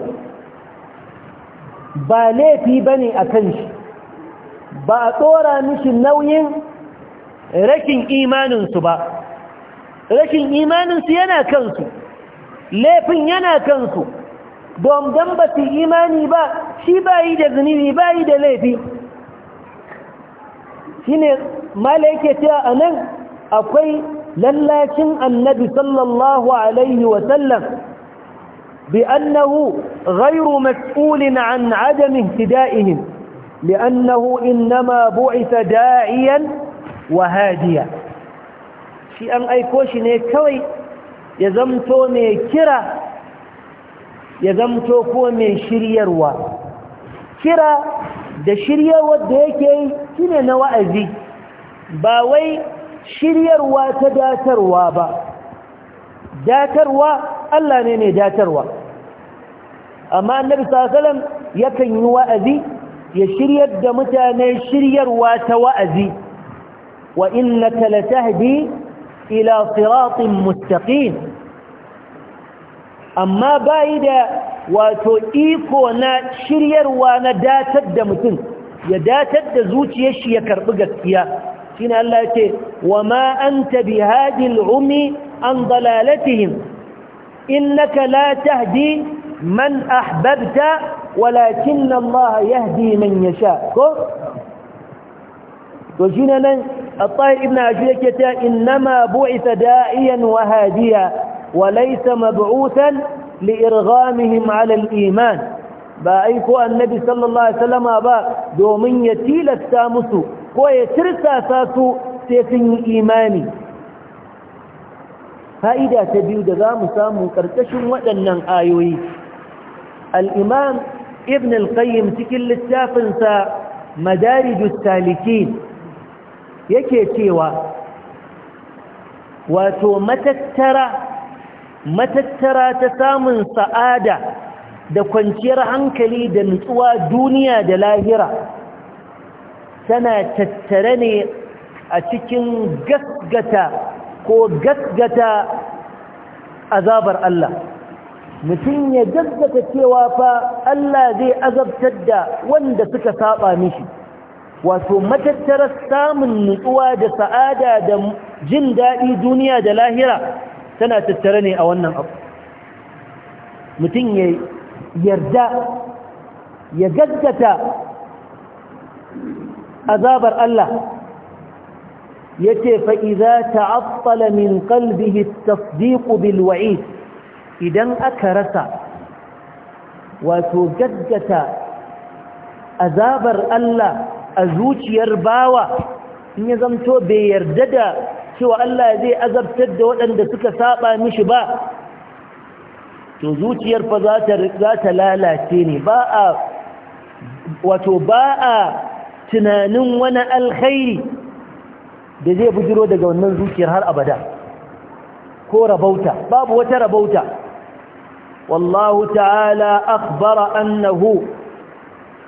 ba laifi ba ne a kan shi ba a tsora mishi nauyin rashin imaninsu ba rashin imaninsu yana kansu laifin yana kansu don don ba su imani ba shi bayi da zunubi bayi da laifi shi ne mala yake cewa a nan akwai lallacin annabi sallallahu alaihi wasallam بأنه غير مسؤول عن عدم اهتدائهم لأنه إنما بعث داعيا wa shi an aiko shi ne kawai ya zamto mai kira ya zamto ko mai shiryarwa kira da shiryarwa da yake yi shine na wa'azi ba wai shiryarwa ta datarwa ba datarwa Allah ne ne datarwa amma annabi sallallahu yakan yi wa'azi ya shiryar da mutane shiryarwa ta wa'azi وإنك لتهدي إلى صراط مستقيم أما بايدا وتؤيكو نشرير ونداتد متن يداتد زوت يشي يكربقك يا سين الله يتي وما أنت بهذه العمي عن ضلالتهم إنك لا تهدي من أحببت ولكن الله يهدي من يشاء to shi nan a ibn ashir yake ta innama bu'isa da'iyan wa hadiya wa laysa mab'usan li irghamihim 'ala al-iman ba aiko annabi sallallahu alaihi wasallama ba domin ya tilasta musu ko ya tirsasa su sai sun yi imani fa'ida ta biyu da za mu samu ƙarƙashin waɗannan ayoyi al'imam ibn al-qayyim cikin littafinsa madarijus talikin yake cewa wato matattara matattara ta samun sa'ada da kwanciyar hankali da nutsuwa duniya da lahira tana tattare ne a cikin gasgata ko gasgata azabar Allah mutum ya gasgata cewa fa Allah zai azabtar da wanda suka saba mishi wato matattarar samun nutsuwa da sa'ada da jin daɗi duniya da lahira tana tattare ne a wannan abu mutum ya yarda ya gaggata azabar Allah ya ce fa'iza ta'affala min kalbihi tasdiku bilwa'i idan aka rasa wato gaggata azabar Allah a zuciyar bawa in ya zamto bai yarda da cewa Allah zai azabtar da waɗanda suka saba mishi ba to zuciyar fa za ta lalace ne ba a wato ba a tunanin wani alkhairi da zai bujiro daga wannan zuciyar har abada ko rabauta babu wata rabauta Wallahu ta'ala أخبر annahu.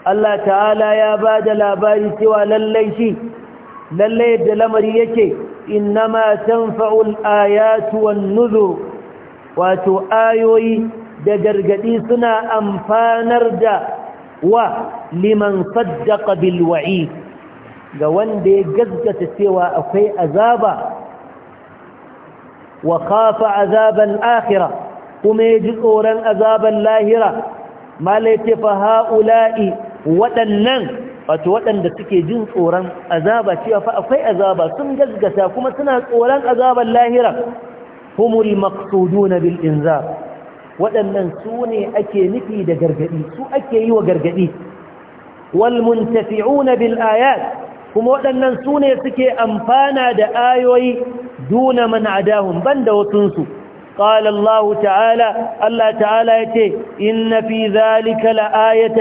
Allah ta'ala ya ba da labari cewa lallai shi lallai yadda lamari yake innama tanfa'ul ayatu wan nuzur wato ayoyi da gargadi suna amfanar da wa liman saddaqa bil ga wanda ya gaskata cewa akwai azaba wa kafa azaban akhirah kuma ya ji tsoron azaban lahira malaiti fa ha'ula'i waɗannan wato waɗanda suke jin tsoron azaba cewa fa akwai azaba sun gasgata kuma suna tsoron azaban lahira humul maqsuduna bil inzar waɗannan su ne ake nufi da gargadi su ake yi wa gargadi wal muntafi'una bil ayat kuma waɗannan su ne suke amfana da ayoyi duna man adahum banda wasunsu قال الله تعالى الله تعالى يتي إن في ذلك لآية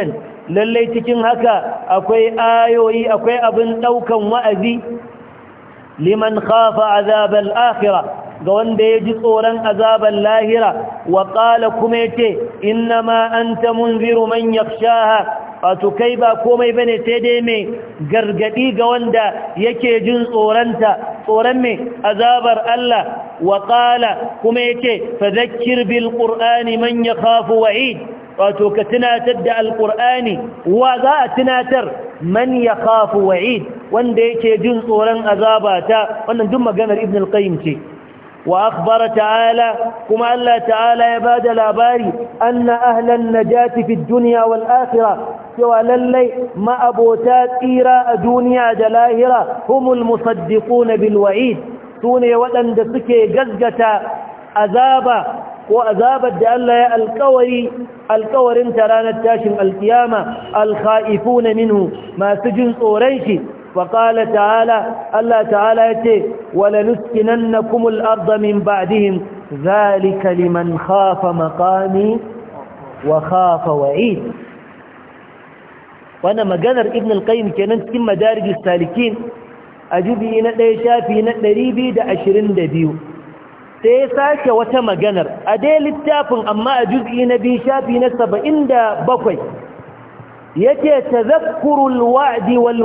lallai cikin haka akwai ayoyi akwai abin ɗaukan wa'azi liman khafa azabal ahira. ga wanda ya ji tsoron azaban lahira wa qala kuma ma innama ta munziru man shaha wato kai ba komai bane sai dai mai gargadi ga wanda yake jin tsoranta tsoron mai azabar Allah wa qala kuma fa fadhakkir bil qur'ani man yakhafu wa'id wato ka tunatar da alqur'ani wa za a tunatar man yakhafu wa'id wanda yake jin tsoron azaba ta wannan duk maganar ibn al-qayyim ce وأخبر تعالى كما الله تعالى يباد باري أن أهل النجاة في الدنيا والآخرة سوى للي ما أبوتات إيراء دنيا دلاهرة هم المصدقون بالوعيد سوني ودن دسكي قزقة أذابا ko azabar da Allah ya alkawari ta ranar tashin alkiyama alkha'ifu na minu masu jin tsoron shi wa kala ta'ala Allah ta'ala ya ce wale nuskinan na kumul arzamin ba'adihim zali kaliman khafa makami wa khafa wa'id wadda maganar ibn alkayyar kenan cikin madarijin salikin a jubi na ɗaya shafi na biyu. sai ya sake wata maganar a dai littafin amma a juz'i na biyu shafi na saba'in da bakwai yace tazakkurul wa'di wal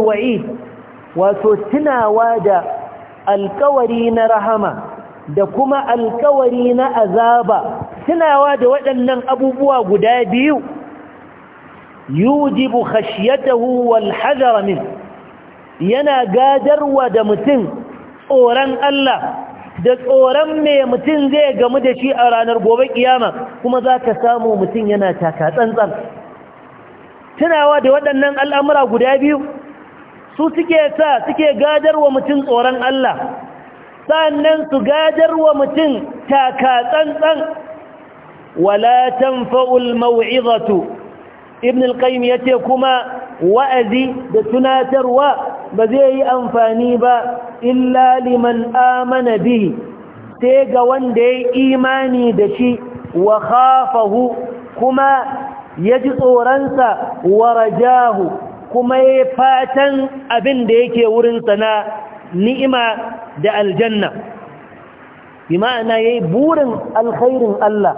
wato tunawa da alkawari na rahama da kuma alkawari na azaba tunawa da waɗannan abubuwa guda biyu yujibu khashyatahu wal hadara min yana gadarwa da mutum tsoron Allah da tsoron me mutum zai gamu da shi a ranar gobe kiyama kuma za ka samu mutum yana taka tsantsan tunawa da waɗannan al'amura guda biyu su suke sa suke wa mutum tsoron Allah sannan su gadarwa mutum taka tsantsan wala tanfa'ul mau'izatu ibn al ya yace kuma wa'azi da tunatarwa ba zai yi amfani ba illa liman amana bihi sai ga wanda ya imani da shi wa khafahu kuma ya ji tsoronsa wa rajahu kuma ya fatan abin da yake wurinsa na ni'ima da aljanna bi ma'ana ya yi burin alkhairin Allah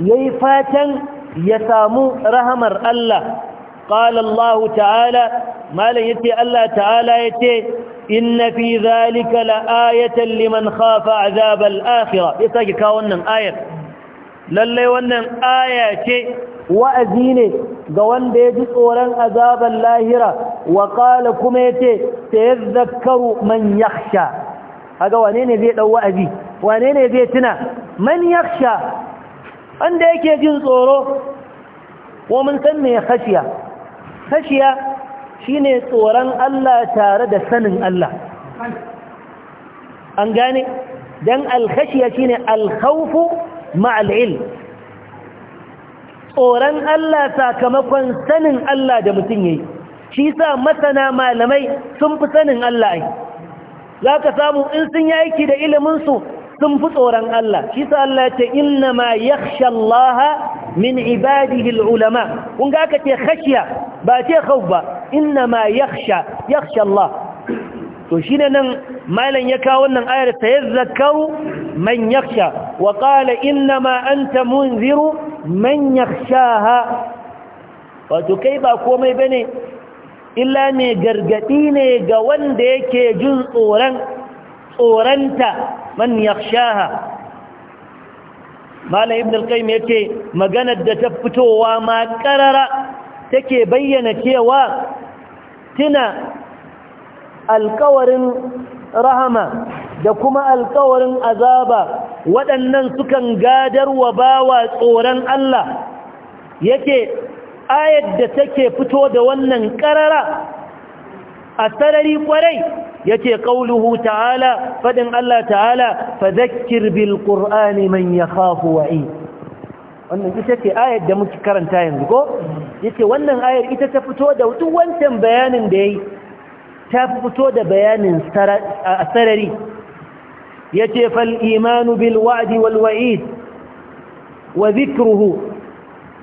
ya yi fatan ya samu rahamar Allah قال الله تعالى ما لن يتي الله تعالى يتي إن في ذلك لآية لمن خاف عذاب الآخرة يتاكي كاونا آية للي ونن آية وأزيني قوان بيجي أوران عذاب اللاهرة وقال كميتي سيذكر من يخشى هذا وانين ذي لو أزي وانين ذي تنا من يخشى عندك يجي أورو ومن سمي خشيه khashiya shine tsoron Allah tare da sanin Allah an gane dan al-khashiya shine al-khawfu ma'al ilm tsoron Allah sakamakon sanin Allah da mutum yayi shi sa masana malamai sun fi sanin Allah ai zaka samu in sun yi aiki da ilimin su sun fi tsoron Allah shi sa Allah ya ce inna ma yakhsha Allah min ibadihil ulama kun ga aka ce ba ce khawf ba ma yakhsha yakhsha Allah to shine nan malam ya kawo wannan ayar tayazzakau man yakhsha wa qala ma anta munziru man yakhshaha wato kai ba komai bane illa ne gargadi ne ga wanda yake jin tsoranta man malam ibn al-qayyim yace maganar da ta fitowa ma karara take bayyana cewa tuna alkawarin rahama da kuma alkawarin azaba waɗannan sukan wa bawa tsoron Allah yake ayar da take fito da wannan karara a sarari kwarai ya ce ƙauluhu ta'ala faɗin Allah ta'ala fa bil ƙur'ani man ya wa'i wannan ita ce ayar da muke karanta yanzu ko ya ce wannan ayar ita ta fito da duk bayanin da ya yi ta fito da bayanin a sarari ya ce fal'imanu bil wa'adi wal wa'id wa zikruhu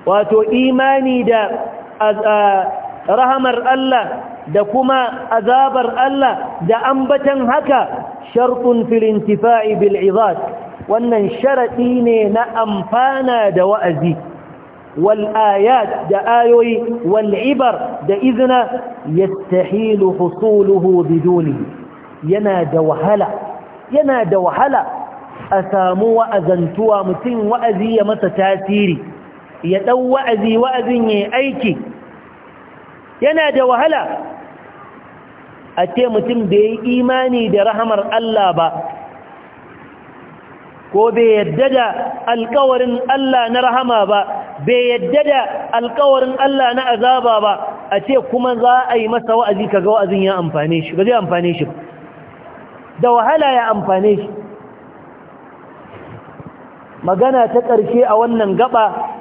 wato imani da rahamar Allah da kuma azabar Allah da ambatan haka shartun filin tifa'i bil wannan sharaɗi ne na amfana da wa'azi wal'ayat da ayoyi wal'ibar da izna yastahilu husuluhu biduni yana da wahala yana da wahala a samu wa'azantuwa mutum wa'azi ya masa tasiri ya ɗau wa'azi wa'azin yayi aiki yana da wahala a ce mutum bai yi imani da rahamar Allah ba ko bai yadda da alkawarin Allah na rahama ba bai yadda da alkawarin Allah na azaba ba a ce kuma za a yi masa wa'azi kaga wa'azin ya amfane shi ba zai amfane shi ba da wahala ya amfane shi magana ta ƙarshe a wannan gaba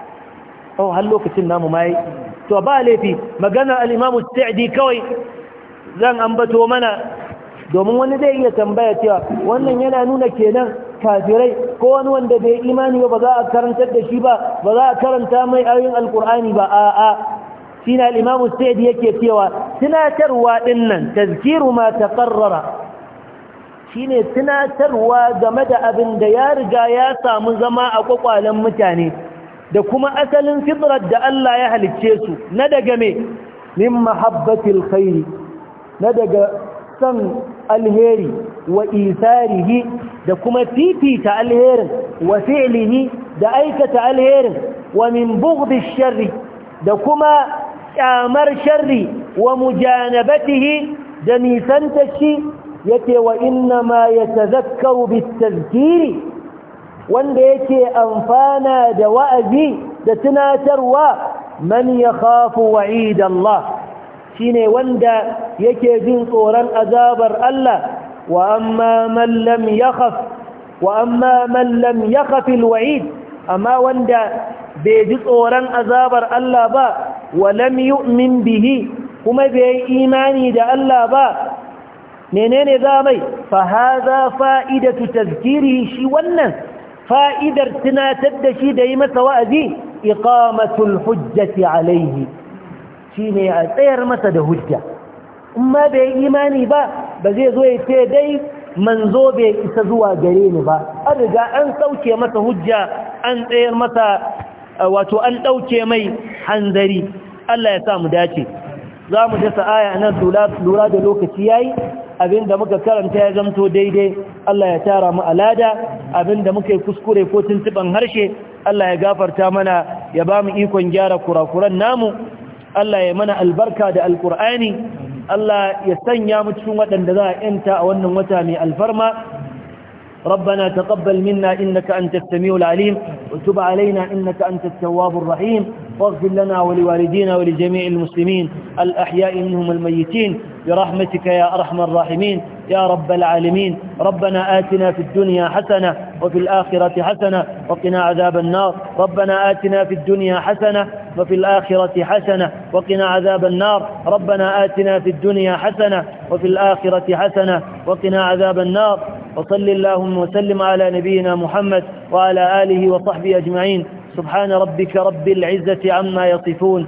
oh har lokacin namu mai to ba laifi maganar al'imamu sadi kawai zan ambato mana domin wani zai iya tambaya cewa wannan yana nuna kenan kafirai ko wani wanda bai imani ba za a karantar da shi ba ba za a karanta mai ayoyin alkur'ani ba a'a shi na al'imamu sadi yake cewa tunatarwa ɗin nan tazkiru ma ta shine tunatarwa game da abin da ya riga ya samu zama a kwakwalen mutane da kuma asalin fitrar da Allah ya halicce su na daga me min mahabbatil khairi na daga san alheri wa isarihi da kuma fifita alherin wa fi'lihi da aikata alherin wa min bughdi sharri da kuma kyamar sharri wa mujanabatihi da nisanta shi yace wa inna ma yatazakkaru bitazkiri wanda yake amfana da wa'azi da tunatarwa man ya khafu wa'idallah, shine wanda yake jin tsoron azabar Allah wa amma man lam yakhaf amma wanda bai ji tsoron azabar Allah ba wa lam yu'min bihi kuma bai imani da Allah ba menene mai fa fa'ida fa'idatu tazkirihi shi wannan fa'idar tunatar da shi da yi masa wa'azi iqamatul hujjati alaihi shine a tsayar masa da hujja in ma bai imani ba ba zai zo ya ce dai manzo bai isa zuwa gare ni ba an riga an sauke masa hujja an tsayar masa wato an ɗauke mai hanzari Allah ya sa mu dace za mu dasa aya nan lura da lokaci yayi Abin da muka karanta ya zamto daidai Allah ya tara mu alada abin da muka yi kuskure ko tuntuban harshe Allah ya gafarta mana ya ba mu ikon gyara kurakuran namu Allah ya mana albarka da alkur'ani Allah ya sanya mu cikin waɗanda za a yanta a wannan wata mai alfarma ربنا تقبل منا إنك أنت السميع العليم وتب علينا إنك أنت التواب الرحيم واغفر لنا ولوالدينا ولجميع المسلمين الأحياء منهم الميتين برحمتك يا أرحم الراحمين يا رب العالمين ربنا آتنا في الدنيا حسنة وفي الآخرة حسنة وقنا عذاب النار ربنا آتنا في الدنيا حسنة وفي الآخرة حسنة وقنا عذاب النار ربنا آتنا في الدنيا حسنة وفي الآخرة حسنة وقنا عذاب النار وصل اللهم وسلم على نبينا محمد وعلى آله وصحبه أجمعين سبحان ربك رب العزة عما يصفون